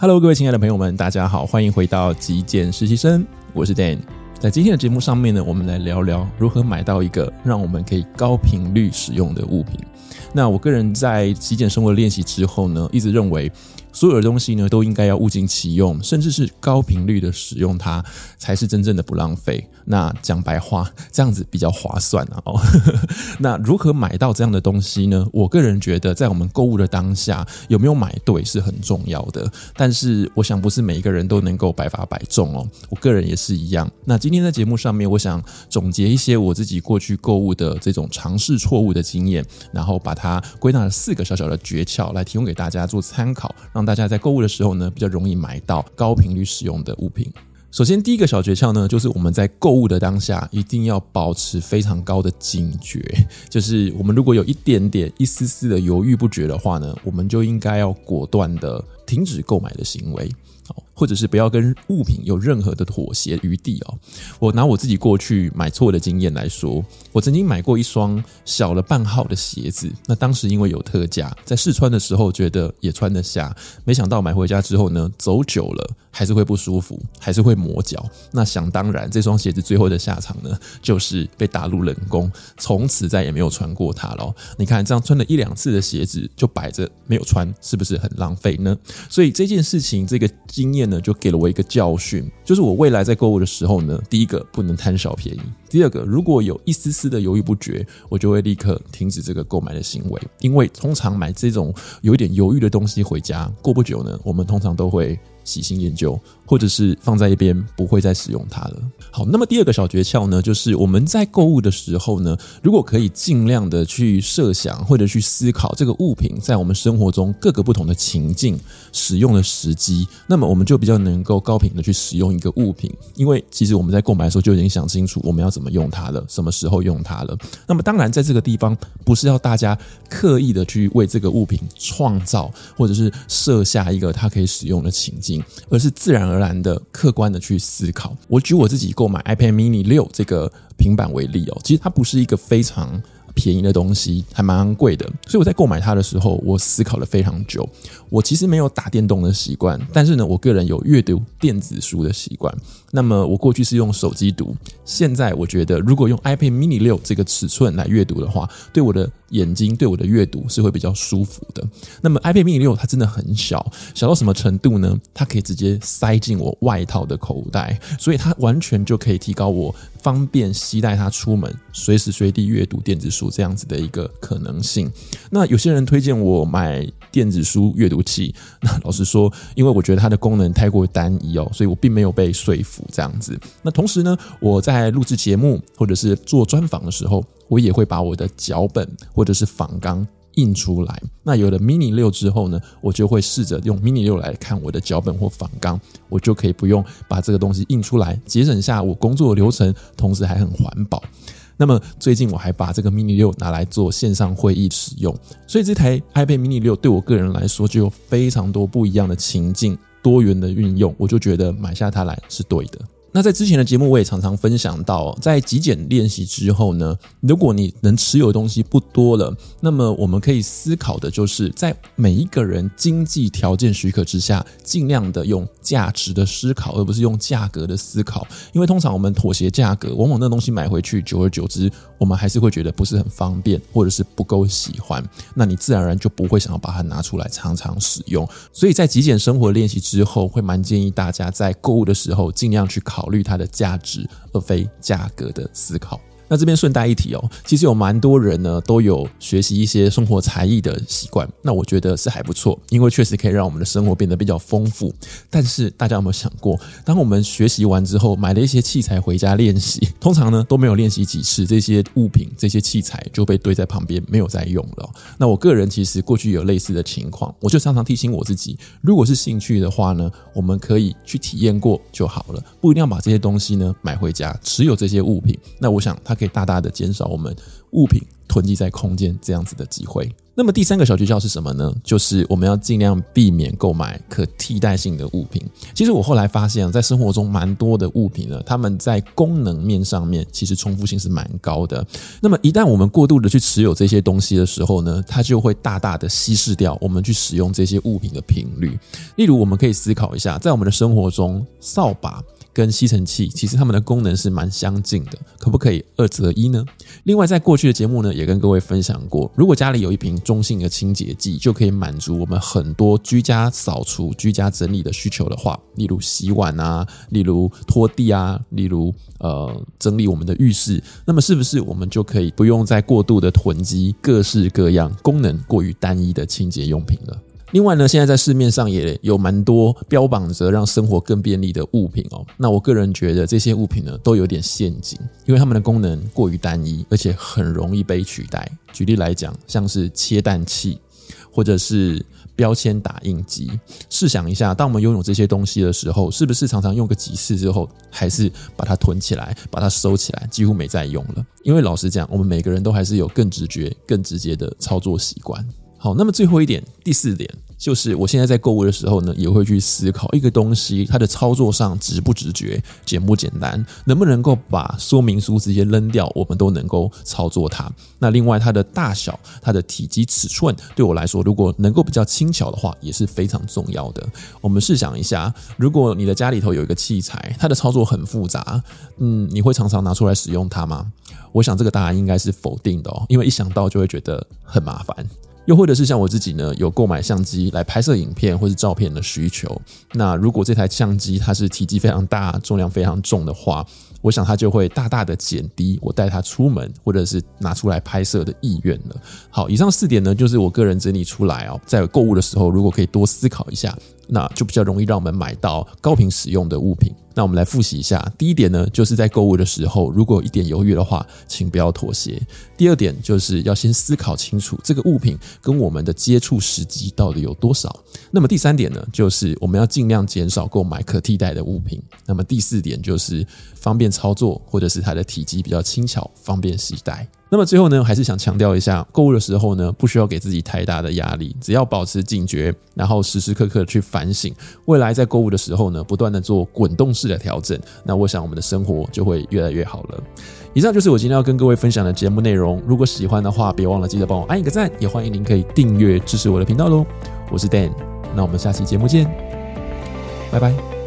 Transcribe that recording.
Hello，各位親愛的朋友們，大家好，歡迎回到極簡實習生，我是 Dan。在今天的節目上面呢，我們來聊聊如何買到一個讓我們可以高頻率使用的物品。那我個人在極簡生活練習之後呢，一直認為。所有的東西呢，都應該要物盡其用，甚至是高頻率的使用它，才是真正的不浪費。那講白話，這樣子比較划算啊、哦。 那如何買到這樣的東西呢？我個人覺得，在我們購物的當下，有沒有買對是很重要的。但是，我想不是每一個人都能夠百發百中哦。我個人也是一樣。那今天在節目上面，我想總結一些我自己過去購物的這種嘗試錯誤的經驗，然後把它歸納了四個小小的訣竅，來提供給大家做參考，讓。大家在購物的時候呢，比較容易買到高頻率使用的物品。首先，第一個小訣竅呢，就是我們在購物的當下，一定要保持非常高的警覺。就是我們如果有一點點、一絲絲的猶豫不決的話呢，我們就應該要果斷的停止購買的行為。好。或者是不要跟物品有任何的妥協餘地哦。我拿我自己過去買錯的經驗來說，我曾經買過一雙小了半號的鞋子。那當時因為有特價，在試穿的時候覺得也穿得下，沒想到買回家之後呢，走久了還是會不舒服，還是會磨腳。那想當然，這雙鞋子最後的下場呢，就是被打入冷宮，從此再也沒有穿過它了。你看，這樣穿了一兩次的鞋子就擺着沒有穿，是不是很浪費呢？所以這件事情，這個經驗。就給了我一個教訓，就是我未來在購物的時候呢，第一個不能貪小便宜，第二個如果有一絲絲的猶豫不決，我就會立刻停止這個購買的行為，因為通常買這種有一點猶豫的東西回家，過不久呢，我們通常都會。喜新厭舊，或者是放在一邊不會再使用它了。好，那麼第二個小訣竅呢，就是我們在購物的時候呢，如果可以盡量的去設想或者去思考這個物品在我們生活中各個不同的情境使用的時機，那麼我們就比較能夠高頻的去使用一個物品。因為其實我們在購買的時候就已經想清楚我們要怎麼用它了，什麼時候用它了。那麼當然，在這個地方不是要大家刻意的去為這個物品創造或者是設下一個它可以使用的情境。而是自然而然的、客觀的去思考。我舉我自己購買 iPad Mini 六這個平板為例哦、喔，其實它不是一個非常便宜的東西還蠻貴的，所以我在購買它的時候，我思考了非常久。我其實沒有打電動的習慣，但是呢，我個人有閱讀電子書的習慣。那麼我過去是用手機讀，現在我覺得如果用 iPad Mini 六這個尺寸來閱讀的話，對我的眼睛，對我的閱讀是會比較舒服的。那麼 iPad Mini 六它真的很小，小到什麼程度呢？它可以直接塞進我外套的口袋，所以它完全就可以提高我。方便攜帶它出門，隨時隨地閱讀電子書這樣子的一個可能性。那有些人推薦我買電子書閱讀器，那老實說，因為我覺得它的功能太過單一哦、喔，所以我並沒有被說服這樣子。那同時呢，我在錄制節目或者是做專訪的時候，我也會把我的腳本或者是訪綱。印出來。那有了 Mini 六之後呢，我就會試着用 Mini 六來看我的腳本或訪綱，我就可以不用把這個東西印出來，節省下我工作的流程，同時還很環保。那麼最近我還把這個 Mini 六拿來做線上會議使用，所以這台 iPad Mini 六對我個人來說就有非常多不一樣的情境，多元的運用，我就覺得買下它來是對的。那在之前的節目，我也常常分享到，在極簡練習之後呢，如果你能持有的東西不多了，那麼我們可以思考的就是，在每一個人經濟條件許可之下，盡量的用價值的思考，而不是用價格的思考。因為通常我們妥協價格，往往那東西買回去，久而久之，我們還是會覺得不是很方便，或者是不夠喜歡，那你自然而然就不會想要把它拿出來常常使用。所以在極簡生活練習之後，會蠻建議大家在購物的時候，盡量去考。考慮它的價值，而非價格的思考。那這邊順帶一提哦、喔，其實有蠻多人呢都有學習一些生活才藝的習慣，那我覺得是還不錯，因為確實可以讓我們的生活變得比較豐富。但是大家有沒有想過，當我們學習完之後，買了一些器材回家練習，通常呢都沒有練習幾次，這些物品、這些器材就被堆在旁邊，沒有再用了、喔。那我個人其實過去有類似的情況，我就常常提醒我自己，如果是興趣的話呢，我們可以去體驗過就好了，不一定要把這些東西呢買回家持有這些物品。那我想他。可以大大的減少我們物品囤積在空間這樣子的機會。那麼第三個小訣竅是什麼呢？就是我們要盡量避免購買可替代性的物品。其實我後來發現，在生活中蠻多的物品呢，它們在功能面上面其實重複性是蠻高的。那麼一旦我們過度的去持有這些東西的時候呢，它就會大大的稀釋掉我們去使用這些物品的頻率。例如，我們可以思考一下，在我們的生活中，掃把跟吸塵器，其實它們的功能是蠻相近的，可不可以二擇一呢？另外，在過去的節目呢，也跟各位分享過，如果家裡有一瓶中性的清潔劑，就可以滿足我們很多居家掃除、居家整理的需求的話，例如洗碗啊，例如拖地啊，例如呃整理我們的浴室，那麼是不是我們就可以不用再過度的囤積各式各樣功能過於單一的清潔用品了？另外呢，現在在市面上也有蠻多標榜着讓生活更便利的物品哦。那我個人覺得這些物品呢，都有點陷阱，因為它們的功能過於單一，而且很容易被取代。舉例來講，像是切蛋器，或者是標籤打印機。試想一下，當我們擁有這些東西的時候，是不是常常用個幾次之後，還是把它囤起來，把它收起來，幾乎沒再用了？因為老實講，我們每個人都還是有更直覺、更直接的操作習慣。好，那麼最後一點，第四點，就是我現在在購物的時候呢，也會去思考一個東西，它的操作上直不直覺，簡不簡單，能不能夠把說明書直接扔掉，我們都能夠操作它。那另外，它的大小、它的體積、尺寸，對我來說，如果能夠比較輕巧的話，也是非常重要的。我們試想一下，如果你的家裡頭有一個器材，它的操作很複雜，嗯，你會常常拿出來使用它嗎？我想這個答案應該是否定的哦，因為一想到就會覺得很麻煩。又或者是像我自己呢，有購買相機來拍攝影片或是照片的需求。那如果這台相機它是體積非常大，重量非常重的話，我想它就會大大的減低我帶它出門或者是拿出來拍攝的意願了。好，以上四點呢，就是我個人整理出來哦，在購物的時候如果可以多思考一下。那就比較容易讓我們買到高頻使用的物品。那我們來復習一下：第一點呢，就是在購物的時候，如果有一點猶豫的話，請不要妥協。第二點，就是要先思考清楚這個物品跟我們的接觸時機到底有多少。那麼第三點呢，就是我們要儘量減少購買可替代的物品。那麼第四點就是方便操作，或者是它的體積比較輕巧，方便攜帶。那麼最後呢，還是想強調一下，購物的時候呢，不需要給自己太大的壓力，只要保持警覺，然後時時刻刻去反省，未來在購物的時候呢，不斷地做滾動式的調整，那我想我們的生活就會越來越好了。以上就是我今天要跟各位分享的節目內容，如果喜歡的話，別忘了記得幫我按一個讚，也歡迎您可以訂閱支持我的頻道嘍。我是 Dan，那我們下期節目見，拜拜。